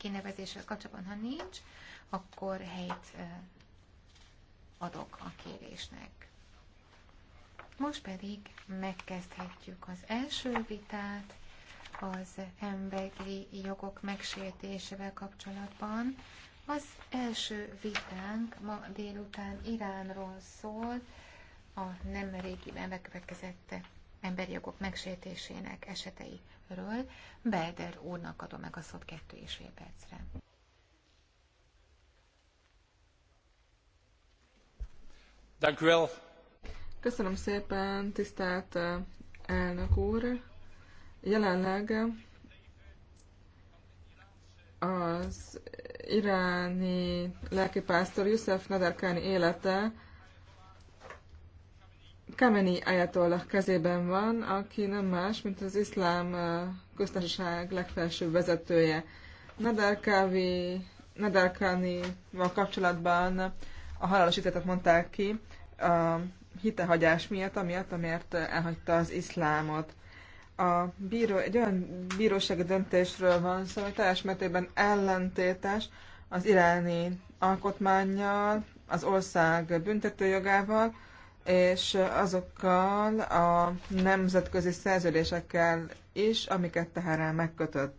kinevezéssel kapcsolatban, ha nincs, akkor helyt adok a kérésnek. Most pedig megkezdhetjük az első vitát az emberi jogok megsértésével kapcsolatban. Az első vitánk ma délután Iránról szól, a nem régi bekövetkezett emberi jogok megsértésének eseteiről. Belder úrnak adom meg a szót kettő és fél percre. Köszönöm szépen, tisztelt eh, elnök úr! Jelenleg az iráni lelkipásztor Yusuf Nadarkani élete Kameni Ayatollah kezében van, aki nem más, mint az iszlám köztársaság legfelsőbb vezetője. Nadarkávi, Nadal kapcsolatban a halálos ítéletet mondták ki a hitehagyás miatt, amiatt, amiért elhagyta az iszlámot. A bíró, egy olyan bírósági döntésről van szó, ami teljes mértékben ellentétes az iráni alkotmányjal, az ország büntetőjogával, és azokkal a nemzetközi szerződésekkel is, amiket Teherán megkötött.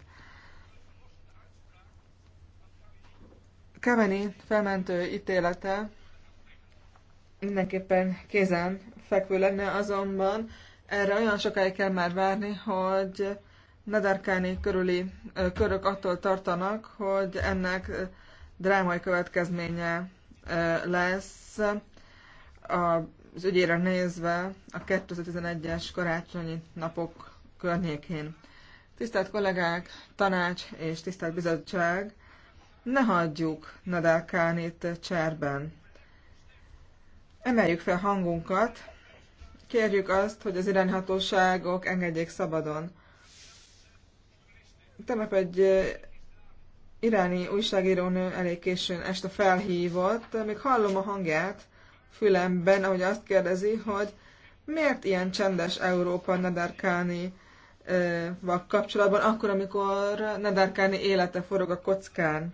Kemeni felmentő ítélete mindenképpen kézen fekvő lenne, azonban erre olyan sokáig kell már várni, hogy Nadarkáni körüli körök attól tartanak, hogy ennek drámai következménye lesz a az ügyére nézve a 2011-es karácsonyi napok környékén. Tisztelt kollégák, tanács és tisztelt bizottság, ne hagyjuk Nadal Kánit cserben. Emeljük fel hangunkat, kérjük azt, hogy az irányhatóságok engedjék szabadon. Tegnap egy iráni újságírónő elég későn este felhívott, még hallom a hangját, fülemben, ahogy azt kérdezi, hogy miért ilyen csendes Európa Nadarkáni vak kapcsolatban, akkor, amikor Nadarkáni élete forog a kockán.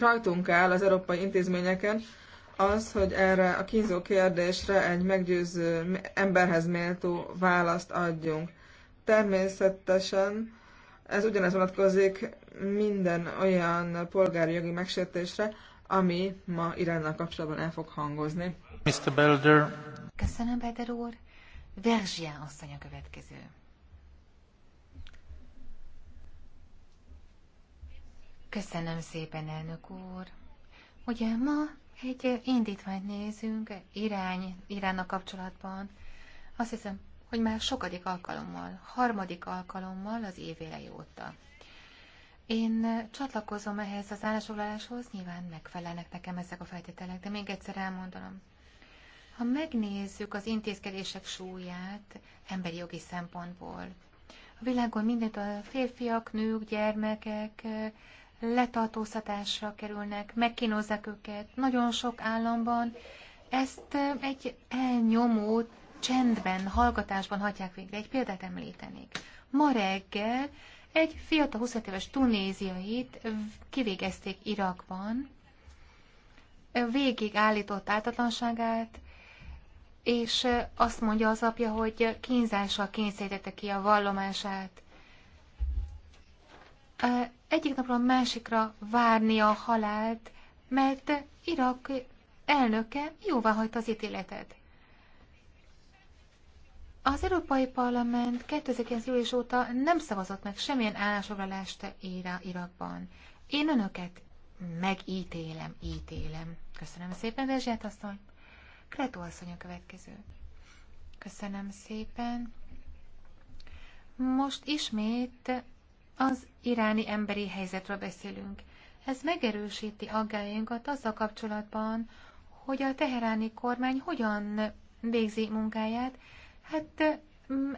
Rajtunk áll az európai intézményeken az, hogy erre a kínzó kérdésre egy meggyőző emberhez méltó választ adjunk. Természetesen ez ugyanez vonatkozik minden olyan polgári jogi megsértésre, ami ma Iránnal kapcsolatban el fog hangozni. Mr. Belder. Köszönöm, Belder úr. Verzsia asszony a következő. Köszönöm szépen, elnök úr. Ugye ma egy indítványt nézünk irány, Iránnak kapcsolatban. Azt hiszem, hogy már sokadik alkalommal, harmadik alkalommal az év óta. Én csatlakozom ehhez az állásfoglaláshoz, nyilván megfelelnek nekem ezek a feltételek, de még egyszer elmondom: Ha megnézzük az intézkedések súlyát emberi jogi szempontból, a világon mindent a férfiak, nők, gyermekek eh, letartóztatásra kerülnek, megkínozzák őket. Nagyon sok államban ezt eh, egy elnyomó csendben, hallgatásban hagyják végre. Egy példát említenék. Ma reggel egy fiatal 20 éves tunéziait kivégezték Irakban, végig állított áltatlanságát, és azt mondja az apja, hogy kínzással kényszerítette ki a vallomását. Egyik napról a másikra várni a halált, mert Irak elnöke jóvá hagyta az ítéletet. Az Európai Parlament 2009. július óta nem szavazott meg semmilyen állásfoglalást Ira Irakban. Én önöket megítélem, ítélem. Köszönöm szépen, Vezsját asszony. Kretó asszony a következő. Köszönöm szépen. Most ismét az iráni emberi helyzetről beszélünk. Ez megerősíti aggájainkat azzal kapcsolatban, hogy a teheráni kormány hogyan végzi munkáját, hát mm,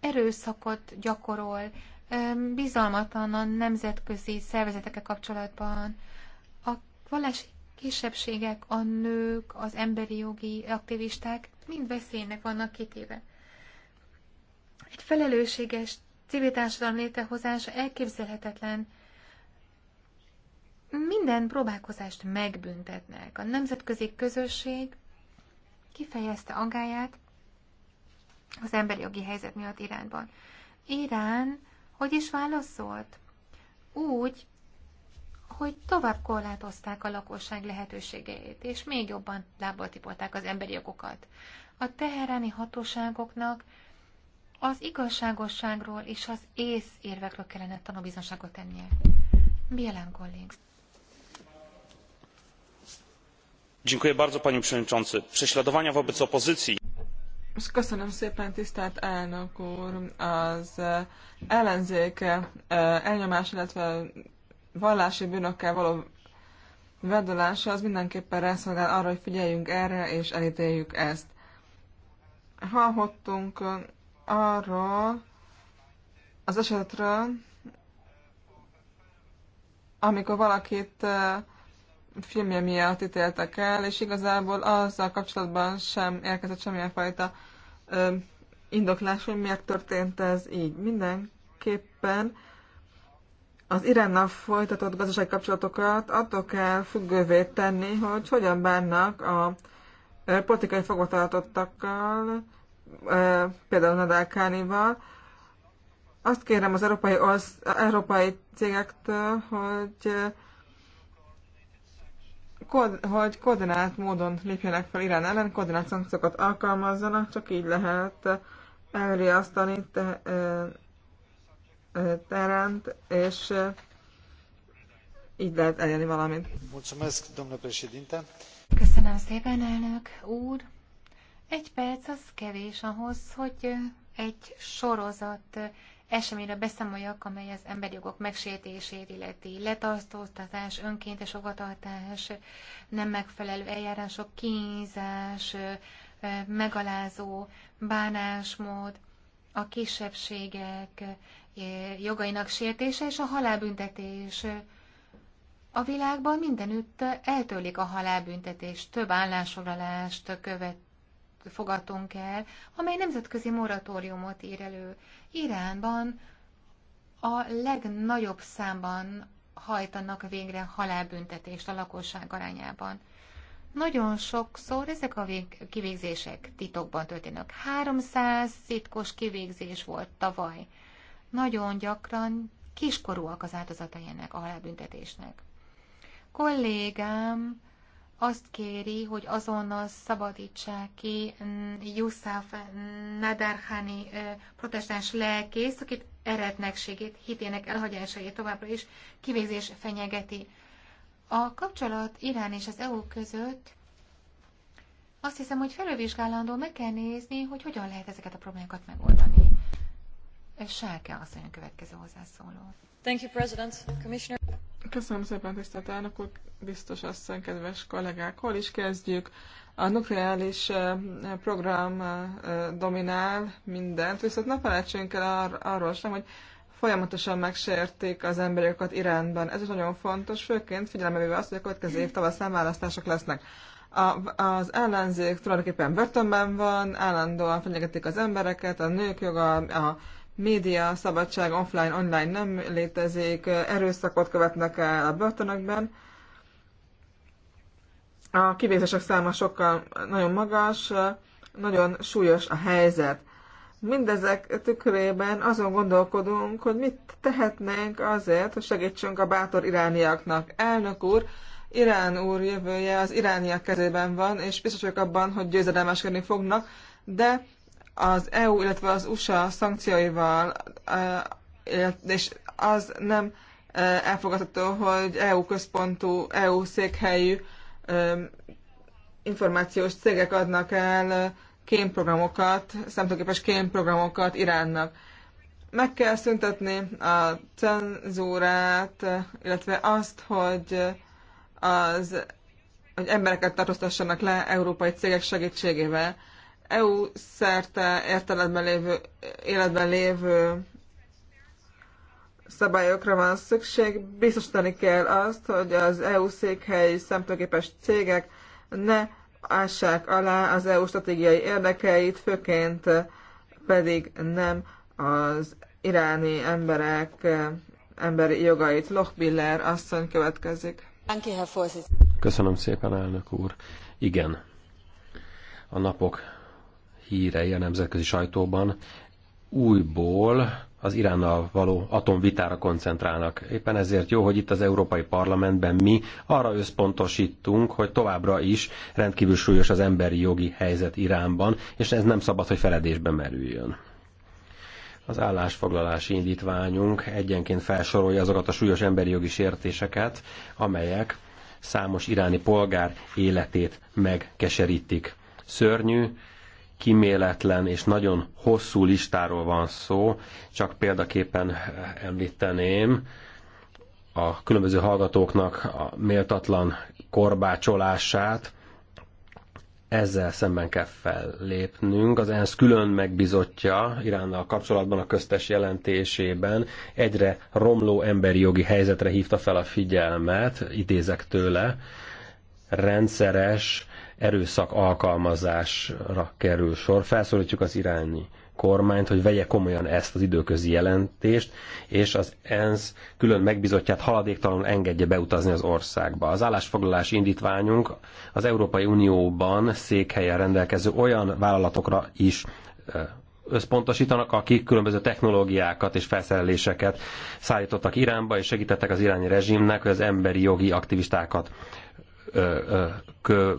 erőszakot gyakorol, mm, bizalmatlan a nemzetközi szervezetekkel kapcsolatban. A vallási kisebbségek, a nők, az emberi jogi aktivisták mind veszélynek vannak kitéve. Egy felelősséges civil társadalom létrehozása elképzelhetetlen. Minden próbálkozást megbüntetnek. A nemzetközi közösség kifejezte agáját, az emberi jogi helyzet miatt Iránban. Irán hogy is válaszolt? Úgy, hogy tovább korlátozták a lakosság lehetőségeit, és még jobban lábbal tipolták az emberi jogokat. A teheráni hatóságoknak az igazságosságról és az ész érvekről kellene tanúbizonságot tennie. Bielán Collings. Dziękuję bardzo, panie przewodniczący. Prześladowania wobec opozycji köszönöm szépen, tisztelt elnök úr! Az ellenzék elnyomás, illetve vallási bűnökkel való vedolása az mindenképpen rászolgál arra, hogy figyeljünk erre és elítéljük ezt. Hallhattunk arról az esetről, amikor valakit uh, filmje miatt ítéltek el, és igazából azzal kapcsolatban sem érkezett semmilyen fajta ö, indoklás, hogy miért történt ez így. Mindenképpen az Iránnal folytatott gazdasági kapcsolatokat attól kell függővé tenni, hogy hogyan bánnak a politikai fogvatartottakkal, például Nadal Kánival. Azt kérem az európai, az európai cégektől, hogy kod, hogy koordinált módon lépjenek fel Irán ellen, koordinált szankciókat alkalmazzanak, csak így lehet elriasztani te, e, e, Teránt, és e, így lehet eljönni valamit. Köszönöm szépen, elnök úr. Egy perc az kevés ahhoz, hogy egy sorozat eseményre beszámoljak, amely az emberi jogok megsértését illeti. Letartóztatás, önkéntes ogatartás, nem megfelelő eljárások, kínzás, megalázó bánásmód, a kisebbségek jogainak sértése és a halálbüntetés. A világban mindenütt eltörlik a halálbüntetés több állásfoglalást követ, fogadtunk el, amely nemzetközi moratóriumot ír elő. Iránban a legnagyobb számban hajtanak végre halálbüntetést a lakosság arányában. Nagyon sokszor ezek a vég- kivégzések titokban történnek. 300 szitkos kivégzés volt tavaly. Nagyon gyakran kiskorúak az áldozatai ennek a halálbüntetésnek. Kollégám azt kéri, hogy azonnal szabadítsák ki mm, Yusuf Nadarhani protestáns lelkész, akit eretnekségét, hitének elhagyásáért továbbra is kivégzés fenyegeti. A kapcsolat Irán és az EU között azt hiszem, hogy felülvizsgálandó meg kell nézni, hogy hogyan lehet ezeket a problémákat megoldani. Sáke asszony a következő hozzászóló. Thank you, President. Commissioner. Köszönöm szépen, tisztelt elnök úr, biztos asszony, kedves kollégák. Hol is kezdjük? A nukleáris program dominál mindent, viszont ne felejtsünk el ar- arról sem, hogy folyamatosan megsérték az embereket Iránban. Ez is nagyon fontos, főként figyelembe véve azt, hogy a következő év tavaszán választások lesznek. A, az ellenzék tulajdonképpen börtönben van, állandóan fenyegetik az embereket, a nők joga, a, média szabadság offline, online nem létezik, erőszakot követnek el a börtönökben, a kivégzések száma sokkal nagyon magas, nagyon súlyos a helyzet. Mindezek tükrében azon gondolkodunk, hogy mit tehetnénk azért, hogy segítsünk a bátor irániaknak. Elnök úr, Irán úr jövője az irániak kezében van, és biztos vagyok abban, hogy győzedelmeskedni fognak, de az EU, illetve az USA szankcióival, és az nem elfogadható, hogy EU központú, EU székhelyű információs cégek adnak el kémprogramokat, szemtőképes kémprogramokat Iránnak. Meg kell szüntetni a cenzúrát, illetve azt, hogy az hogy embereket tartóztassanak le európai cégek segítségével. EU szerte értelemben lévő, életben lévő szabályokra van szükség. Biztosítani kell azt, hogy az EU székhely szemtőképes cégek ne ássák alá az EU stratégiai érdekeit, főként pedig nem az iráni emberek emberi jogait. Lochbiller asszony következik. Köszönöm szépen, elnök úr. Igen, a napok hírei a nemzetközi sajtóban újból az Iránnal való atomvitára koncentrálnak. Éppen ezért jó, hogy itt az Európai Parlamentben mi arra összpontosítunk, hogy továbbra is rendkívül súlyos az emberi jogi helyzet Iránban, és ez nem szabad, hogy feledésbe merüljön. Az állásfoglalási indítványunk egyenként felsorolja azokat a súlyos emberi jogi sértéseket, amelyek számos iráni polgár életét megkeserítik. Szörnyű, kiméletlen és nagyon hosszú listáról van szó, csak példaképpen eh, említeném a különböző hallgatóknak a méltatlan korbácsolását, ezzel szemben kell fellépnünk. Az ENSZ külön megbizotja Iránnal kapcsolatban a köztes jelentésében egyre romló emberi jogi helyzetre hívta fel a figyelmet, idézek tőle, rendszeres erőszak alkalmazásra kerül sor. Felszólítjuk az irányi kormányt, hogy vegye komolyan ezt az időközi jelentést, és az ENSZ külön megbizotját haladéktalanul engedje beutazni az országba. Az állásfoglalási indítványunk az Európai Unióban székhelyen rendelkező olyan vállalatokra is összpontosítanak, akik különböző technológiákat és felszereléseket szállítottak Iránba, és segítettek az iráni rezsimnek, hogy az emberi jogi aktivistákat ö, ö, kö,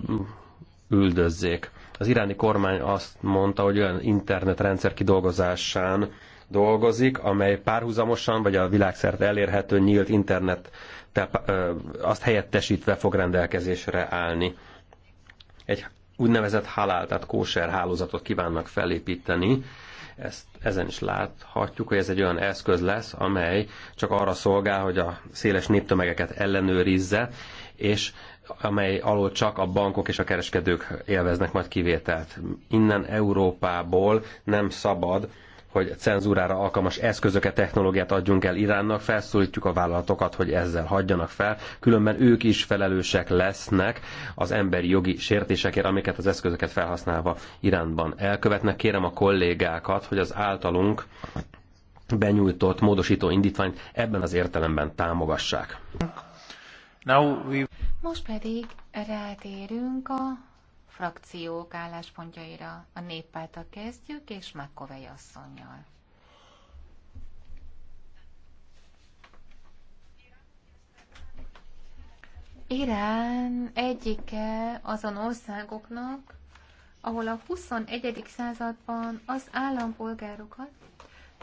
üldözzék. Az iráni kormány azt mondta, hogy olyan internetrendszer kidolgozásán dolgozik, amely párhuzamosan, vagy a világszerte elérhető nyílt internet azt helyettesítve fog rendelkezésre állni. Egy úgynevezett halál, tehát kóser hálózatot kívánnak felépíteni. Ezt, ezen is láthatjuk, hogy ez egy olyan eszköz lesz, amely csak arra szolgál, hogy a széles néptömegeket ellenőrizze, és amely alól csak a bankok és a kereskedők élveznek majd kivételt. Innen Európából nem szabad, hogy cenzúrára alkalmas eszközöket, technológiát adjunk el Iránnak, felszólítjuk a vállalatokat, hogy ezzel hagyjanak fel, különben ők is felelősek lesznek az emberi jogi sértésekért, amiket az eszközöket felhasználva Iránban elkövetnek. Kérem a kollégákat, hogy az általunk benyújtott módosító indítványt ebben az értelemben támogassák. Now we... Most pedig rátérünk a frakciók álláspontjaira. A néppáltal kezdjük, és Makovei asszonynal. Irán egyike azon országoknak, ahol a 21. században az állampolgárokat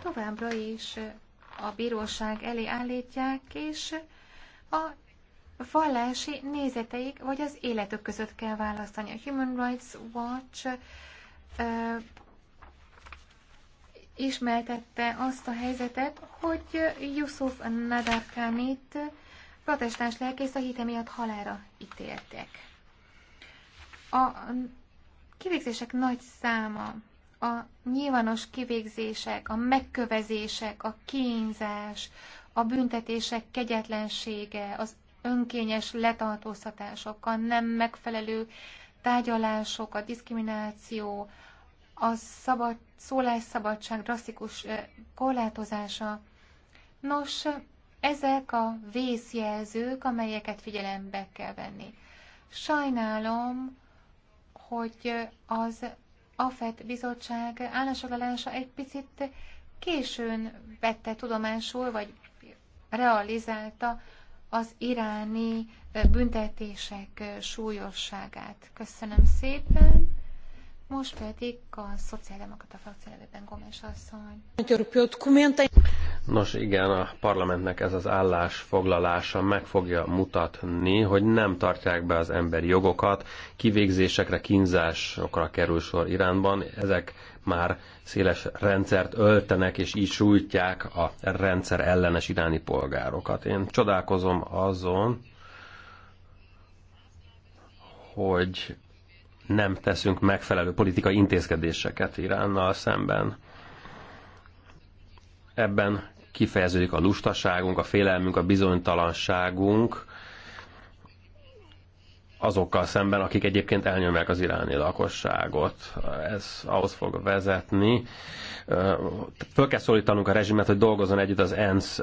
továbbra is a bíróság elé állítják, és a vallási nézeteik vagy az életük között kell választani. A Human Rights Watch ismertette azt a helyzetet, hogy Yusuf Nadarkanit protestáns lelkész a hite miatt halára ítéltek. A kivégzések nagy száma, a nyilvános kivégzések, a megkövezések, a kínzás, a büntetések kegyetlensége, az önkényes letartóztatásokkal, nem megfelelő tárgyalások, a diszkrimináció, a szabad, szólásszabadság drasztikus korlátozása. Nos, ezek a vészjelzők, amelyeket figyelembe kell venni. Sajnálom, hogy az AFET bizottság állásfoglalása egy picit későn vette tudomásul, vagy realizálta az iráni büntetések súlyosságát. Köszönöm szépen. Most pedig a szociáldemokrata frakció nevében Gomes asszony. Nos igen, a parlamentnek ez az állásfoglalása meg fogja mutatni, hogy nem tartják be az emberi jogokat, kivégzésekre, kínzásokra kerül sor Iránban. Ezek már széles rendszert öltenek, és így sújtják a rendszer ellenes iráni polgárokat. Én csodálkozom azon, hogy nem teszünk megfelelő politikai intézkedéseket Iránnal szemben. Ebben kifejeződik a lustaságunk, a félelmünk, a bizonytalanságunk, azokkal szemben, akik egyébként elnyomják az iráni lakosságot. Ez ahhoz fog vezetni. Föl kell szólítanunk a rezsimet, hogy dolgozzon együtt az ENSZ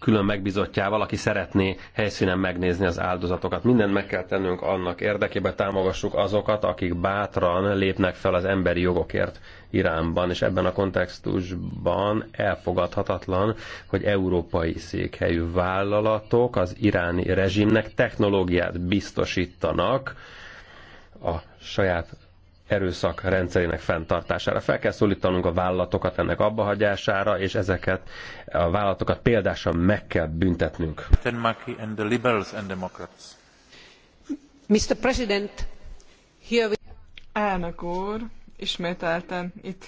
külön megbizottjával, aki szeretné helyszínen megnézni az áldozatokat. Mindent meg kell tennünk annak érdekében, támogassuk azokat, akik bátran lépnek fel az emberi jogokért Iránban, és ebben a kontextusban elfogadhatatlan, hogy európai székhelyű vállalatok az iráni rezsimnek technológiát biztosítanak a saját erőszak rendszerének fenntartására. Fel kell szólítanunk a vállalatokat ennek abbahagyására, és ezeket a vállalatokat példásan meg kell büntetnünk. Mr. President, here we... Elnök úr, ismételten itt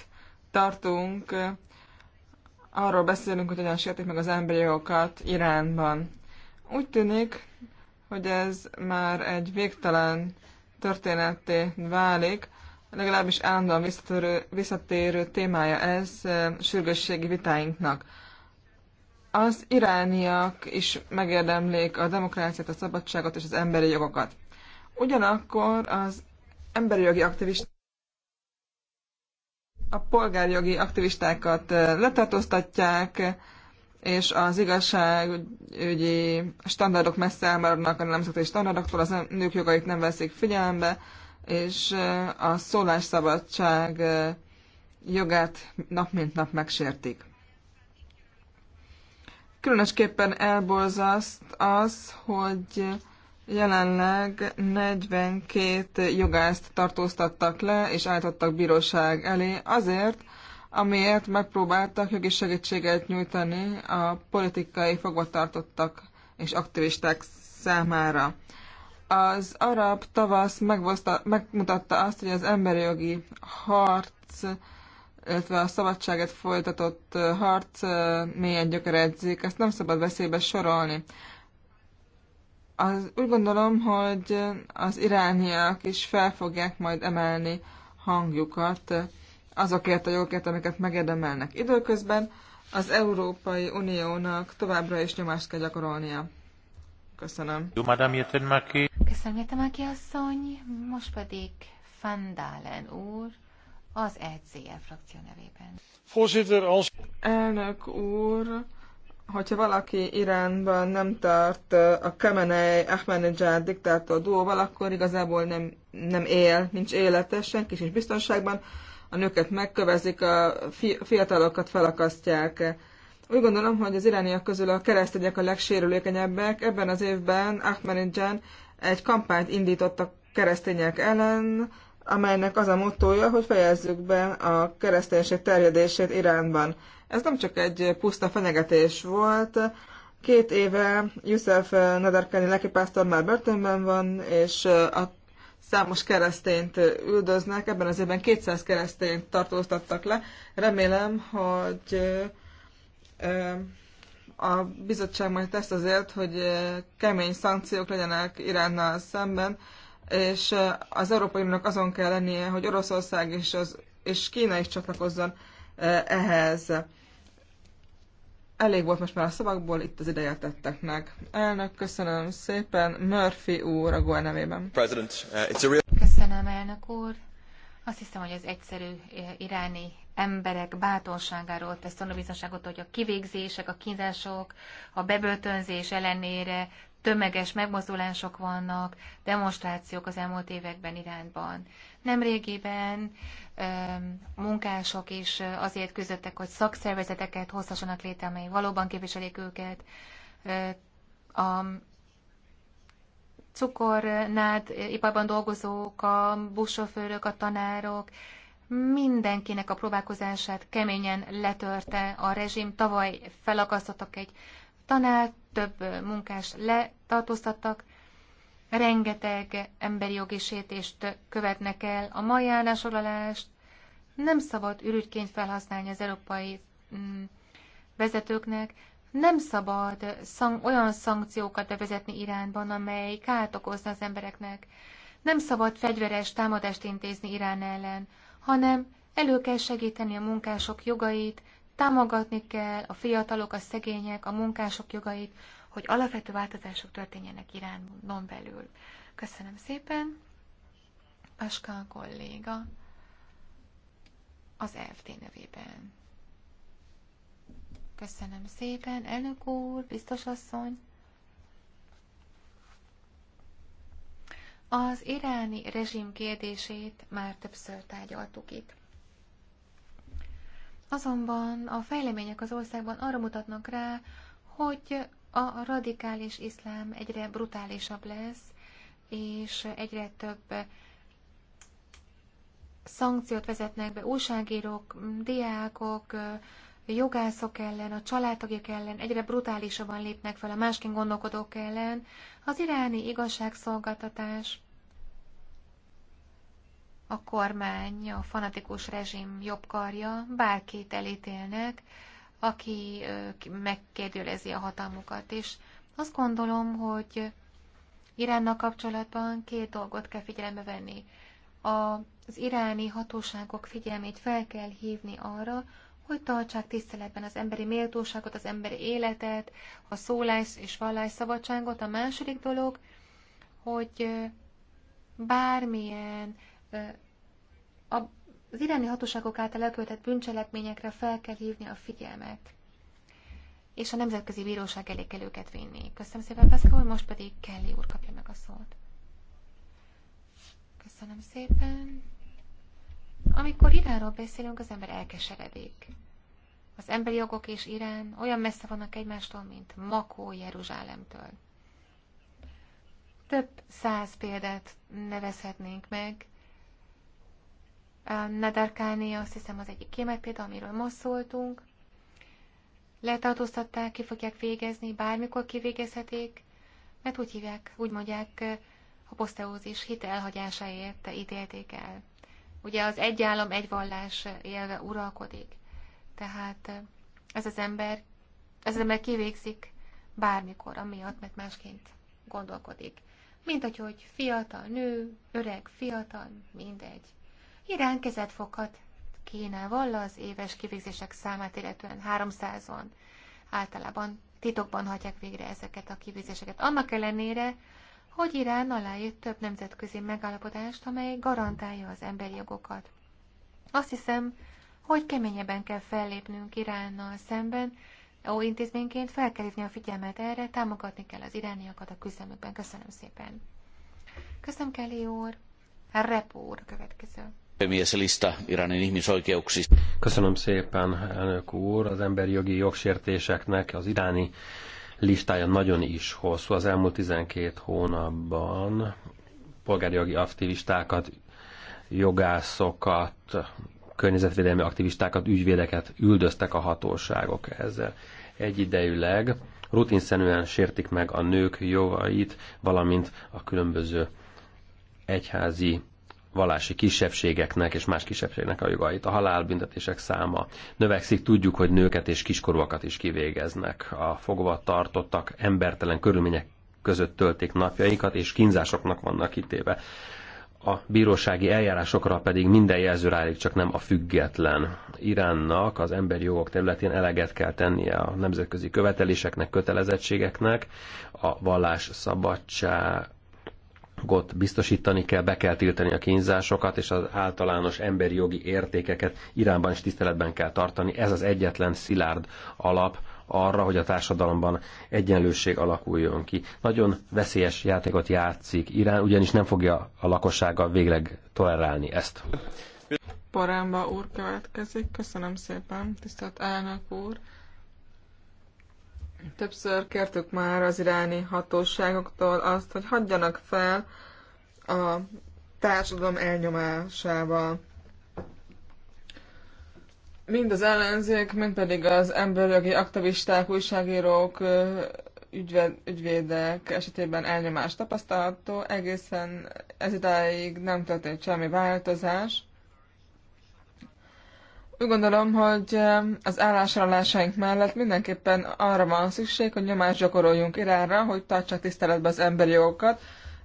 tartunk, arról beszélünk, hogy hogyan sértik meg az emberi jogokat Iránban. Úgy tűnik, hogy ez már egy végtelen történetté válik, legalábbis állandóan visszatérő, visszatérő témája ez eh, sürgősségi vitáinknak. Az irániak is megérdemlik a demokráciát, a szabadságot és az emberi jogokat. Ugyanakkor az emberi jogi aktivisták a polgárjogi aktivistákat letartóztatják, és az igazságügyi standardok messze elmaradnak a nemzeti standardoktól, az nők jogait nem veszik figyelembe, és a szólásszabadság jogát nap mint nap megsértik. Különösképpen elborzaszt az, hogy Jelenleg 42 jogászt tartóztattak le és állítottak bíróság elé azért, amiért megpróbáltak jogi segítséget nyújtani a politikai fogvatartottak és aktivisták számára. Az arab tavasz megvozta, megmutatta azt, hogy az emberi jogi harc, illetve a szabadságet folytatott harc mélyen gyökeredzik. Ezt nem szabad veszélybe sorolni az, úgy gondolom, hogy az irániak is fel fogják majd emelni hangjukat azokért a jogokért, amiket megérdemelnek. Időközben az Európai Uniónak továbbra is nyomást kell gyakorolnia. Köszönöm. Jó, madám, ki. Köszönöm, ki, asszony. Most pedig fandalen úr az ECF frakció nevében. Voorzitter, als... Elnök úr, hogyha valaki Iránban nem tart a Kemenei Ahmadinejad diktátor duóval, akkor igazából nem, nem él, nincs élete, senki sincs biztonságban, a nőket megkövezik, a fiatalokat felakasztják. Úgy gondolom, hogy az irániak közül a keresztények a legsérülékenyebbek. Ebben az évben Ahmadinejad egy kampányt indított a keresztények ellen, amelynek az a mottoja, hogy fejezzük be a kereszténység terjedését Iránban. Ez nem csak egy puszta fenyegetés volt. Két éve Yusuf Nadarkani lelkipásztor már börtönben van, és a számos keresztényt üldöznek. Ebben az évben 200 keresztényt tartóztattak le. Remélem, hogy a bizottság majd tesz azért, hogy kemény szankciók legyenek Iránnal szemben, és az Európai Uniónak azon kell lennie, hogy Oroszország és, az, és Kína is csatlakozzon Eh, ehhez. Elég volt most már a szavakból, itt az ideje tetteknek. Elnök, köszönöm szépen. Murphy úr a Goa nevében. Eh, köszönöm, elnök úr. Azt hiszem, hogy az egyszerű eh, iráni emberek bátorságáról tesz tanúbizonságot, hogy a kivégzések, a kínzások, a bebörtönzés ellenére tömeges megmozdulások vannak, demonstrációk az elmúlt években irányban. Nemrégiben munkások is azért küzdöttek, hogy szakszervezeteket hozhassanak létre, amely valóban képviselik őket. A cukornád iparban dolgozók, a buszsofőrök, a tanárok, mindenkinek a próbálkozását keményen letörte a rezsim. Tavaly felakasztottak egy tanár, több munkás letartóztattak, rengeteg emberi jogi sétést követnek el, a majánásolalást, nem szabad ürügyként felhasználni az európai mm, vezetőknek, nem szabad szang- olyan szankciókat bevezetni Iránban, amely kárt okozna az embereknek. Nem szabad fegyveres támadást intézni Irán ellen, hanem elő kell segíteni a munkások jogait, Támogatni kell a fiatalok, a szegények, a munkások jogait, hogy alapvető változások történjenek Iránon belül. Köszönöm szépen. Pascal kolléga az FT nevében. Köszönöm szépen, elnök úr, biztos asszony. Az iráni rezsim kérdését már többször tárgyaltuk itt. Azonban a fejlemények az országban arra mutatnak rá, hogy a radikális iszlám egyre brutálisabb lesz, és egyre több szankciót vezetnek be újságírók, diákok, jogászok ellen, a családtagjak ellen egyre brutálisabban lépnek fel a másként gondolkodók ellen. Az iráni igazságszolgáltatás a kormány, a fanatikus rezsim jobb karja bárkit elítélnek, aki megkérdőlezi a hatalmukat. És azt gondolom, hogy Iránnal kapcsolatban két dolgot kell figyelembe venni. Az iráni hatóságok figyelmét fel kell hívni arra, hogy tartsák tiszteletben az emberi méltóságot, az emberi életet, a szólás és szabadságot. A második dolog, hogy bármilyen az iráni hatóságok által elkövetett bűncselekményekre fel kell hívni a figyelmet, és a Nemzetközi Bíróság elé kell őket vinni. Köszönöm szépen, Peszkó, most pedig Kelly úr kapja meg a szót. Köszönöm szépen. Amikor Iránról beszélünk, az ember elkeseredik. Az emberi jogok és Irán olyan messze vannak egymástól, mint Makó Jeruzsálemtől. Több száz példát nevezhetnénk meg Nadarkáné azt hiszem az egyik kémet példa, amiről most szóltunk. Letartóztatták, ki fogják végezni, bármikor kivégezhetik, mert úgy hívják, úgy mondják, a poszteózis hit elhagyásáért ítélték el. Ugye az egy állam, egy vallás élve uralkodik. Tehát ez az ember, ez az ember kivégzik bármikor, amiatt, mert másként gondolkodik. Mint hogy fiatal nő, öreg, fiatal, mindegy. Irán kezet foghat Kínával az éves kivégzések számát illetően 300-on általában titokban hagyják végre ezeket a kivégzéseket. Annak ellenére, hogy Irán aláírt több nemzetközi megállapodást, amely garantálja az emberi jogokat. Azt hiszem, hogy keményebben kell fellépnünk Iránnal szemben, ó intézményként fel kell hívni a figyelmet erre, támogatni kell az irániakat a küzdelmükben. Köszönöm szépen. Köszönöm, Kelly úr. Repó következő mieslista Iranin ihmisoikeuksista. Köszönöm szépen, elnök úr. Az emberi jogi jogsértéseknek az iráni listája nagyon is hosszú. Az elmúlt 12 hónapban polgári jogi aktivistákat, jogászokat, környezetvédelmi aktivistákat, ügyvédeket üldöztek a hatóságok ezzel. Egyidejűleg rutinszerűen sértik meg a nők jogait, valamint a különböző egyházi vallási kisebbségeknek és más kisebbségnek a jogait. A halálbüntetések száma növekszik, tudjuk, hogy nőket és kiskorúakat is kivégeznek. A fogva tartottak embertelen körülmények között töltik napjaikat, és kínzásoknak vannak ítéve. A bírósági eljárásokra pedig minden jelző rájuk, csak nem a független. Iránnak az emberi jogok területén eleget kell tennie a nemzetközi követeléseknek, kötelezettségeknek, a vallás szabadság jogot biztosítani kell, be kell tiltani a kínzásokat, és az általános emberi jogi értékeket Iránban is tiszteletben kell tartani. Ez az egyetlen szilárd alap arra, hogy a társadalomban egyenlőség alakuljon ki. Nagyon veszélyes játékot játszik Irán, ugyanis nem fogja a lakossága végleg tolerálni ezt. Parámba úr következik. Köszönöm szépen, tisztelt elnök úr. Többször kértük már az iráni hatóságoktól azt, hogy hagyjanak fel a társadalom elnyomásával. Mind az ellenzék, mind pedig az emberjogi aktivisták, újságírók, ügyved, ügyvédek esetében elnyomást tapasztalható, egészen idáig nem történt semmi változás. Úgy gondolom, hogy eh, az állásállásaink mellett mindenképpen arra van szükség, hogy nyomást gyakoroljunk Iránra, hogy tartsa tiszteletbe az emberi jogokat,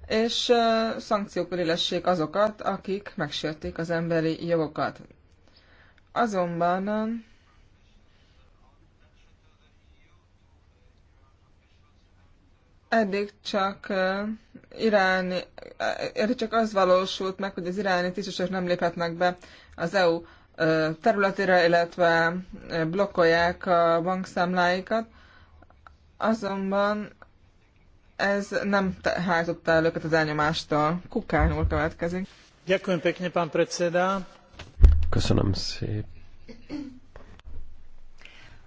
és eh, szankciókkal illessék azokat, akik megsértik az emberi jogokat. Azonban eh, eddig csak iráni, eddig csak az valósult meg, hogy az iráni tisztviselők nem léphetnek be az EU területére, illetve blokkolják a bankszámláikat, azonban ez nem hájtotta el őket az elnyomástól. Kukán úr következik. Ďakujem pekne, pán predseda. Köszönöm szépen.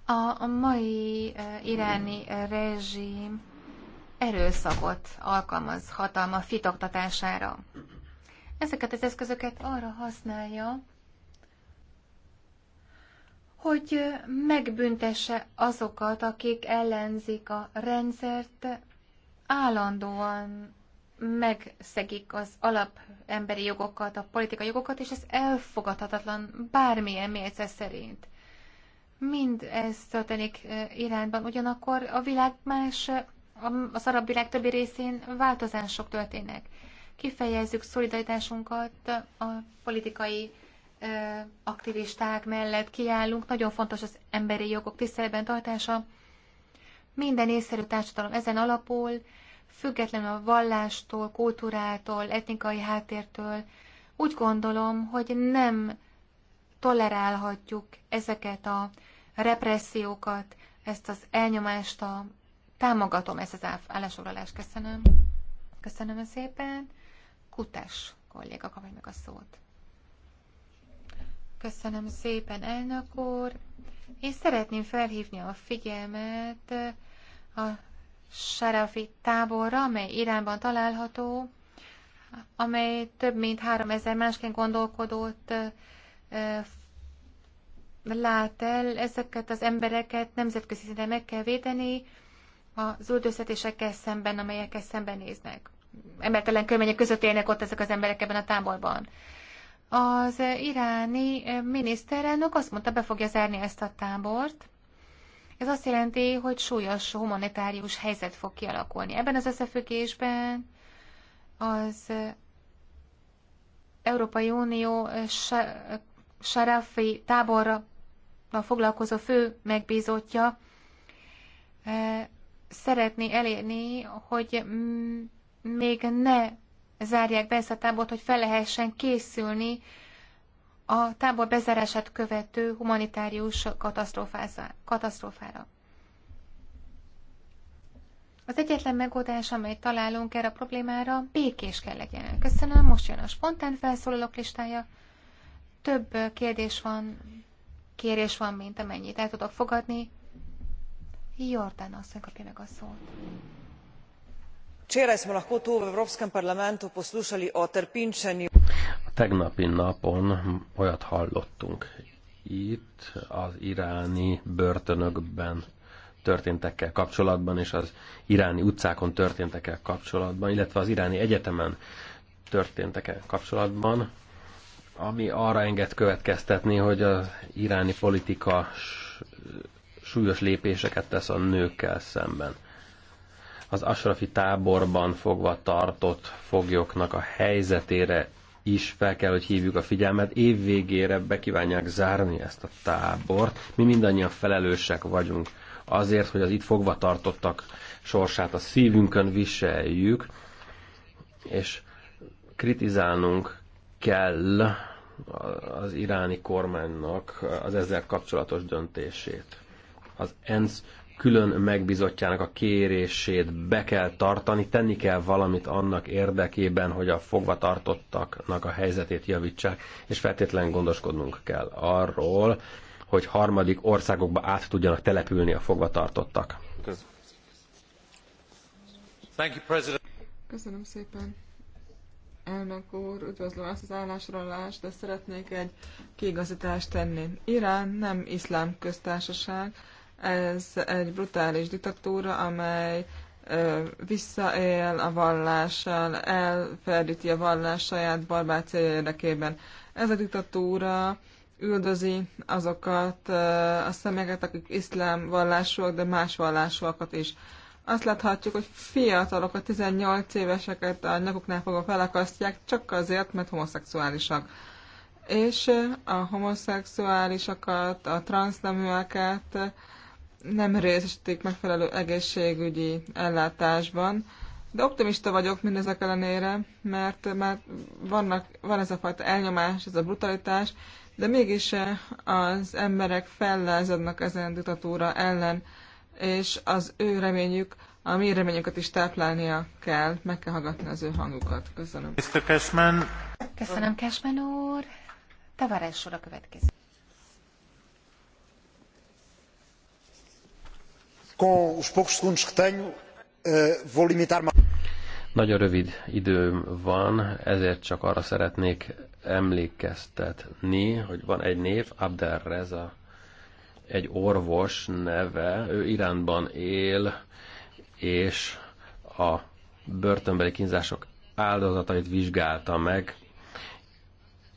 A, a mai uh, iráni rezsim erőszakot alkalmaz hatalma fitoktatására. Ezeket az eszközöket arra használja, hogy megbüntesse azokat, akik ellenzik a rendszert, állandóan megszegik az alap emberi jogokat, a politikai jogokat, és ez elfogadhatatlan bármilyen mérce szerint. Mind ez történik eh, Iránban, ugyanakkor a világ más, a arab világ többi részén változások történnek. Kifejezzük szolidaritásunkat a politikai aktivisták mellett kiállunk. Nagyon fontos az emberi jogok tiszteletben tartása. Minden észszerű társadalom ezen alapul, függetlenül a vallástól, kultúrától, etnikai háttértől. Úgy gondolom, hogy nem tolerálhatjuk ezeket a repressziókat, ezt az elnyomást, a... támogatom ezt az állásfoglalást. Köszönöm. Köszönöm szépen. Kutas kolléga kapja meg a szót. Köszönöm szépen, elnök úr. Én szeretném felhívni a figyelmet a Sarafi táborra, amely Iránban található, amely több mint 3000 másként gondolkodót lát el. Ezeket az embereket nemzetközi szinten meg kell védeni az üldözhetésekkel szemben, amelyekkel szembenéznek. Embertelen körülmények között élnek ott ezek az emberek ebben a táborban. Az iráni eh, miniszterelnök azt mondta, be fogja zárni ezt a tábort. Ez azt jelenti, hogy súlyos humanitárius helyzet fog kialakulni. Ebben az összefüggésben az eh, Európai Unió eh, Sarafi táborra foglalkozó fő megbízottja szeretné elérni, hogy még ne zárják be ezt a tábort, hogy fel lehessen készülni a tábor bezárását követő humanitárius katasztrófára. Az egyetlen megoldás, amely találunk erre a problémára, békés kell legyen. Köszönöm, most jön a spontán felszólalók listája. Több kérdés van, kérés van, mint amennyit el tudok fogadni. Jordán asszony kapja meg a szót včeraj smo lahko tu v Evropskem parlamentu poslušali o trpinčenju. tegnapi napon olyat hallottunk itt az iráni börtönökben történtekkel kapcsolatban, és az iráni utcákon történtekkel kapcsolatban, illetve az iráni egyetemen történtekkel kapcsolatban, ami arra enged következtetni, hogy az iráni politika súlyos lépéseket tesz a nőkkel szemben az Asrafi táborban fogva tartott foglyoknak a helyzetére is fel kell, hogy hívjuk a figyelmet. Év végére bekívánják zárni ezt a tábort. Mi mindannyian felelősek vagyunk azért, hogy az itt fogva tartottak sorsát a szívünkön viseljük, és kritizálnunk kell az iráni kormánynak az ezzel kapcsolatos döntését. Az ENSZ külön megbizottjának a kérését be kell tartani, tenni kell valamit annak érdekében, hogy a fogvatartottaknak a helyzetét javítsák, és feltétlenül gondoskodnunk kell arról, hogy harmadik országokba át tudjanak települni a fogvatartottak. Köszönöm szépen. Elnök úr, üdvözlöm ezt az állásrólást, de szeretnék egy kiigazítást tenni. Irán nem iszlám köztársaság, ez egy brutális diktatúra, amely visszaél a vallással, elferdíti a vallás saját barbár célja érdekében. Ez a diktatúra üldözi azokat a személyeket, akik iszlám vallásúak, de más vallásúakat is. Azt láthatjuk, hogy fiatalokat, 18 éveseket a nyakuknál fogva felakasztják, csak azért, mert homoszexuálisak. És a homoszexuálisakat, a transzneműeket, nem részesítik megfelelő egészségügyi ellátásban, de optimista vagyok mindezek ellenére, mert mert vannak, van ez a fajta elnyomás, ez a brutalitás, de mégis az emberek fellázadnak ezen diktatúra ellen, és az ő reményük, a mi reményünket is táplálnia kell, meg kell hallgatni az ő hangukat Köszönöm. Mr. Cashman. Köszönöm, Cashman úr. Tavares sor a következő. Com os poucos segundos que tenho, eh, vou limitar-me. Nagyon rövid időm van, ezért csak arra szeretnék emlékeztetni, hogy van egy név, Abdel Reza, egy orvos neve, ő Iránban él, és a börtönbeli kínzások áldozatait vizsgálta meg.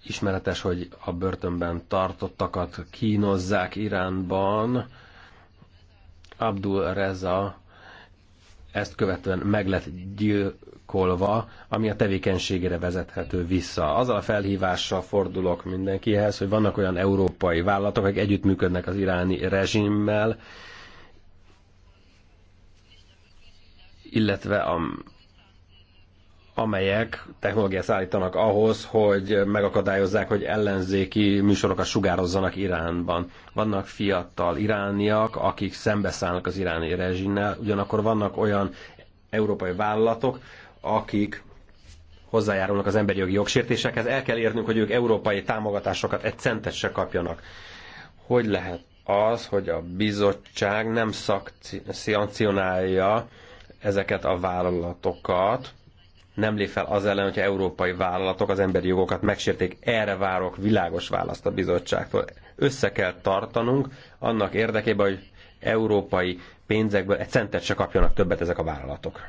Ismeretes, hogy a börtönben tartottakat kínozzák Iránban, Abdul Reza ezt követően meg lett gyilkolva, ami a tevékenységére vezethető vissza. Azzal a felhívással fordulok mindenkihez, hogy vannak olyan európai vállalatok, akik együttműködnek az iráni rezsimmel, illetve a amelyek technológiát szállítanak ahhoz, hogy megakadályozzák, hogy ellenzéki műsorokat sugározzanak Iránban. Vannak fiatal irániak, akik szembeszállnak az iráni rezsinnel, ugyanakkor vannak olyan európai vállalatok, akik hozzájárulnak az emberi jogi jogsértésekhez. El kell érnünk, hogy ők európai támogatásokat egy centet se kapjanak. Hogy lehet az, hogy a bizottság nem szankcionálja ezeket a vállalatokat, nem lép fel az ellen, hogyha európai vállalatok az emberi jogokat megsérték. Erre várok világos választ a bizottságtól. Össze kell tartanunk annak érdekében, hogy európai pénzekből egy centet se kapjanak többet ezek a vállalatok.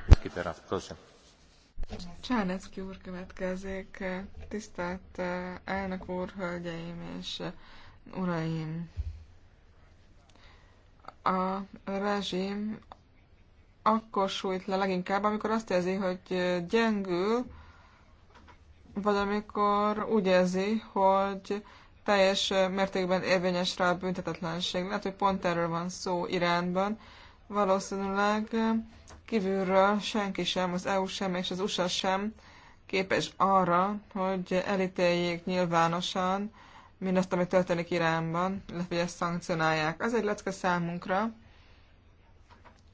Csáneczki úr következik. Tisztelt eh, elnök úr, hölgyeim és eh, uraim! A rezsim akkor sújt le leginkább, amikor azt érzi, hogy gyengül, vagy amikor úgy érzi, hogy teljes mértékben érvényes rá a büntetetlenség. Lehet, hogy pont erről van szó Iránban. Valószínűleg kívülről senki sem, az EU sem és az USA sem képes arra, hogy elítéljék nyilvánosan mindazt, ami történik Iránban, illetve hogy ezt szankcionálják. Ez egy lecke számunkra,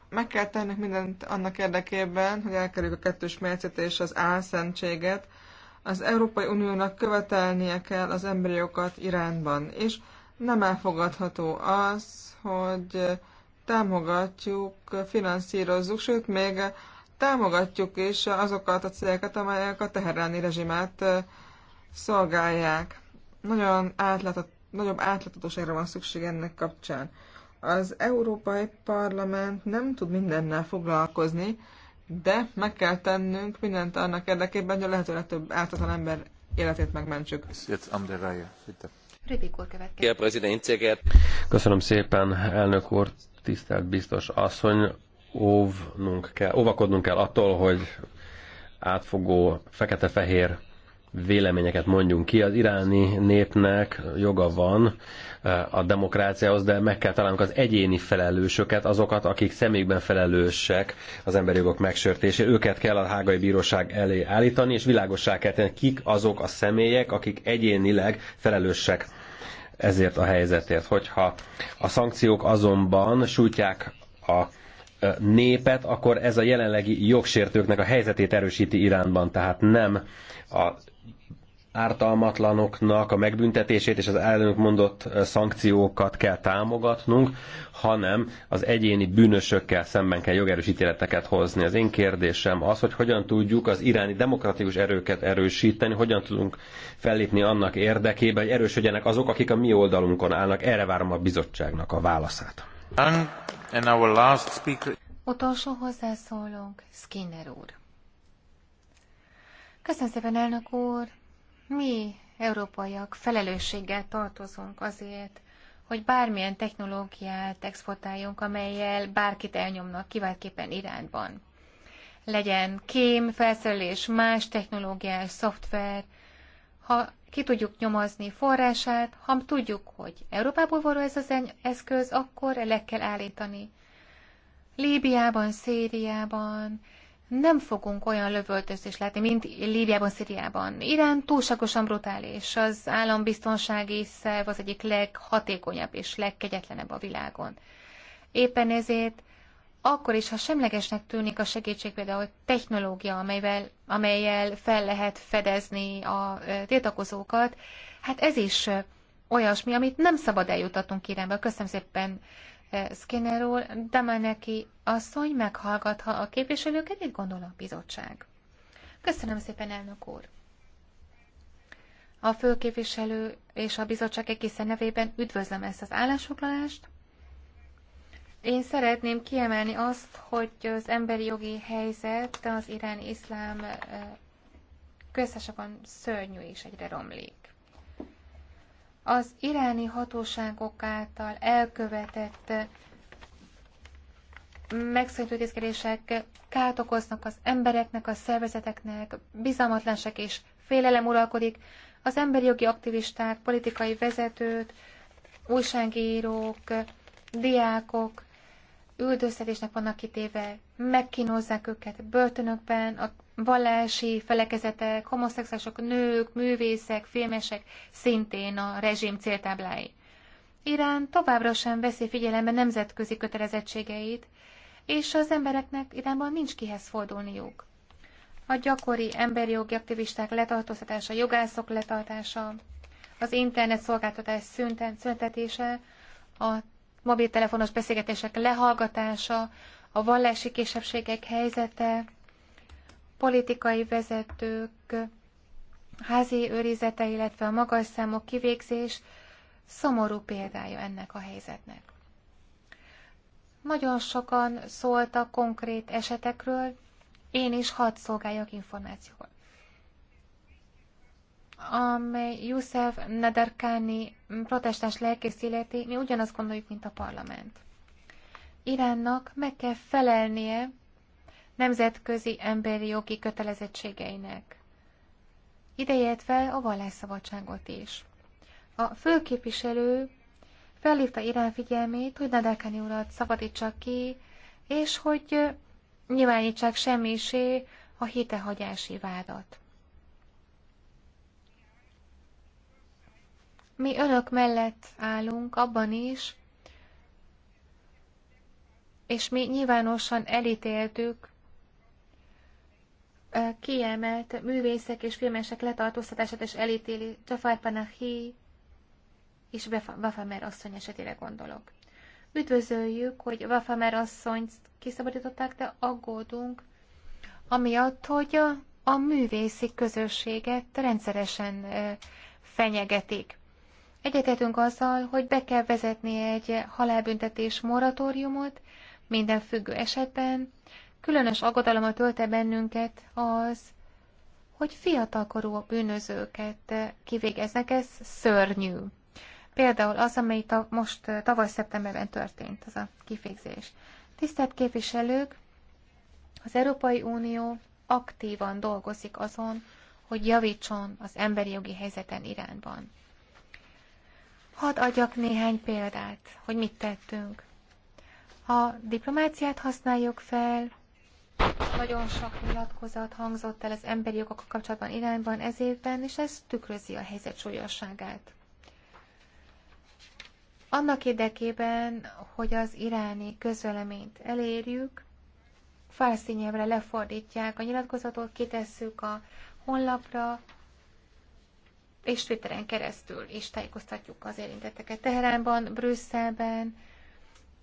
meg kell tennünk mindent annak érdekében, hogy elkerüljük a kettős mércét és az álszentséget. Az Európai Uniónak követelnie kell az emberi jogokat Iránban, és nem elfogadható az, hogy támogatjuk, finanszírozzuk, sőt még támogatjuk is azokat a cégeket, amelyek a teherelni rezsimát szolgálják. Nagyon átlátott, nagyobb átláthatóságra van szükség ennek kapcsán. Az Európai Parlament nem tud mindennel foglalkozni, de meg kell tennünk mindent annak érdekében, hogy a lehető legtöbb ártatlan ember életét megmentsük. Köszönöm szépen, elnök úr, tisztelt biztos asszony, óvnunk kell, óvakodnunk kell attól, hogy átfogó fekete-fehér véleményeket mondjunk ki. Az iráni népnek joga van a demokráciához, de meg kell találnunk az egyéni felelősöket, azokat, akik személyben felelősek az emberi jogok megsértésére. Őket kell a hágai bíróság elé állítani, és világossá kell tenni, kik azok a személyek, akik egyénileg felelősek ezért a helyzetért. Hogyha a szankciók azonban sújtják a népet, akkor ez a jelenlegi jogsértőknek a helyzetét erősíti Iránban, tehát nem a ártalmatlanoknak a megbüntetését és az ellenük mondott szankciókat kell támogatnunk, hanem az egyéni bűnösökkel szemben kell jogerős ítéleteket hozni. Az én kérdésem az, hogy hogyan tudjuk az iráni demokratikus erőket erősíteni, hogyan tudunk fellépni annak érdekében, hogy erősödjenek azok, akik a mi oldalunkon állnak. Erre várom a bizottságnak a válaszát. And our last speaker... Utolsó hozzászólónk, Skinner úr. Köszönöm szépen, elnök úr! Mi, európaiak, felelősséggel tartozunk azért, hogy bármilyen technológiát exportáljunk, amelyel bárkit elnyomnak kiváltképpen Iránban. Legyen kém, felszerelés, más technológiás, szoftver, ha ki tudjuk nyomozni forrását, ha tudjuk, hogy Európából való ez az eszköz, akkor le kell állítani. Líbiában, Szériában, nem fogunk olyan lövöltözést látni, mint Líbiában, Szíriában. Irán túlságosan brutális. Az állambiztonsági szerv az egyik leghatékonyabb és legkegyetlenebb a világon. Éppen ezért akkor is, ha semlegesnek tűnik a segítség, például technológia, amelyvel, amelyel fel lehet fedezni a tiltakozókat, hát ez is olyasmi, amit nem szabad eljutatunk Iránba. Köszönöm szépen Skinner úr, Damaneki asszony meghallgatha a képviselőket, mit gondol a bizottság? Köszönöm szépen, elnök úr! A főképviselő és a bizottság egészen nevében üdvözlöm ezt az állásfoglalást. Én szeretném kiemelni azt, hogy az emberi jogi helyzet az iráni iszlám eh, köztesebben szörnyű és egyre romlik az iráni hatóságok által elkövetett megszörnyű kárt okoznak az embereknek, a szervezeteknek, bizalmatlanság és félelem uralkodik. Az emberi jogi aktivisták, politikai vezetőt, újságírók, diákok üldöztetésnek vannak kitéve, megkínozzák őket börtönökben, a vallási felekezetek, homoszexuálisok, nők, művészek, filmesek szintén a rezsim céltáblái. Irán továbbra sem veszi figyelembe nemzetközi kötelezettségeit, és az embereknek Iránban nincs kihez fordulniuk. A gyakori emberi jogi aktivisták letartóztatása, jogászok letartása, az internet szolgáltatás szüntetése, a mobiltelefonos beszélgetések lehallgatása, a vallási kisebbségek helyzete, politikai vezetők, házi őrizete, illetve a magas számok kivégzés szomorú példája ennek a helyzetnek. Nagyon sokan szóltak konkrét esetekről, én is hat szolgáljak információval. Amely Youssef Nadarkani protestáns lelkész illeti, mi ugyanazt gondoljuk, mint a parlament. Iránnak meg kell felelnie nemzetközi emberi jogi kötelezettségeinek. fel a vallásszabadságot is. A főképviselő felhívta Irán figyelmét, hogy Nadákani urat szabadítsa ki, és hogy nyilvánítsák semmisé a hitehagyási vádat. Mi önök mellett állunk abban is, és mi nyilvánosan elítéltük kiemelt művészek és filmesek letartóztatását és elítéli Jafar Panahi és Wafamer asszony esetére gondolok. Üdvözöljük, hogy Wafamer asszonyt kiszabadították, de aggódunk, amiatt, hogy a, a művészi közösséget rendszeresen fenyegetik. Egyetetünk azzal, hogy be kell vezetni egy halálbüntetés moratóriumot minden függő esetben, Különös aggodalomat tölte bennünket az, hogy fiatalkorú bűnözőket kivégeznek, ez szörnyű. Például az, amely ta- most eh, tavaly szeptemberben történt, az a kifégzés. Tisztelt képviselők, az Európai Unió aktívan dolgozik azon, hogy javítson az emberi jogi helyzeten Iránban. Hadd adjak néhány példát, hogy mit tettünk. A diplomáciát használjuk fel, nagyon sok nyilatkozat hangzott el az emberi jogokkal kapcsolatban irányban ez évben, és ez tükrözi a helyzet súlyosságát. Annak érdekében, hogy az iráni közöleményt elérjük, farsi lefordítják a nyilatkozatot, kitesszük a honlapra, és Twitteren keresztül is tájékoztatjuk az érintetteket. Teheránban, Brüsszelben,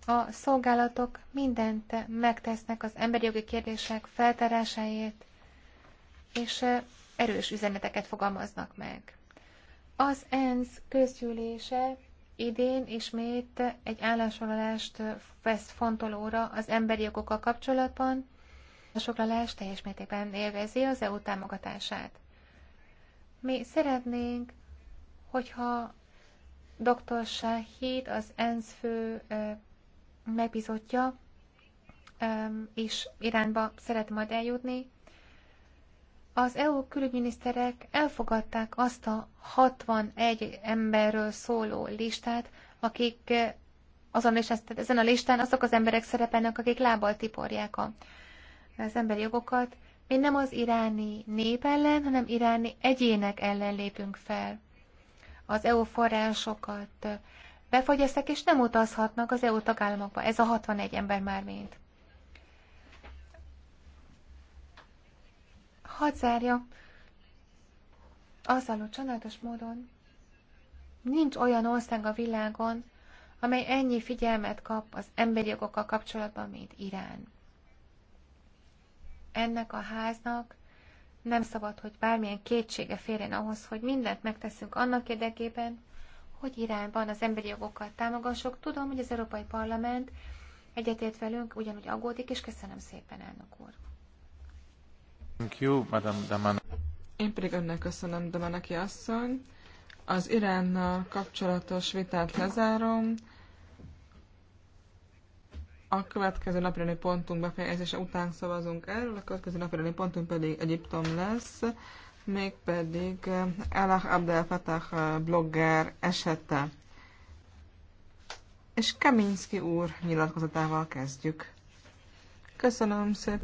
a szolgálatok mindent megtesznek az emberi jogi kérdések feltárásáért, és erős üzeneteket fogalmaznak meg. Az ENSZ közgyűlése idén ismét egy állásfoglalást vesz fontolóra az emberi jogokkal kapcsolatban. A foglalás teljes mértékben élvezi az EU támogatását. Mi szeretnénk, hogyha dr. Shahid, az ENSZ fő megbizotja, és Iránba szeret majd eljutni. Az EU külügyminiszterek elfogadták azt a 61 emberről szóló listát, akik eh, azon is, tehát ezen a listán azok az emberek szerepelnek, akik lábbal tiporják a, az emberi jogokat. Mi nem az iráni nép ellen, hanem iráni egyének ellen lépünk fel. Az EU forrásokat befagyasztak, és nem utazhatnak az EU tagállamokba. Ez a 61 ember már mint. Hadd zárja azzal, hogy csodálatos módon nincs olyan ország a világon, amely ennyi figyelmet kap az emberi jogokkal kapcsolatban, mint Irán. Ennek a háznak nem szabad, hogy bármilyen kétsége férjen ahhoz, hogy mindent megteszünk annak érdekében, hogy Iránban az emberi jogokat támogassuk. Tudom, hogy az Európai Parlament egyetért velünk, ugyanúgy aggódik, és köszönöm szépen, elnök úr. Thank you, Madame Damana. Én pedig önnek köszönöm, Damanaki asszony. Az Iránnal kapcsolatos vitát lezárom. A következő napirendi pontunk befejezése után szavazunk erről, a következő napirendi pontunk pedig Egyiptom lesz mégpedig eh, Elah Abdel Fatah eh, blogger esete. És Kaminski úr nyilatkozatával kezdjük. Köszönöm szépen.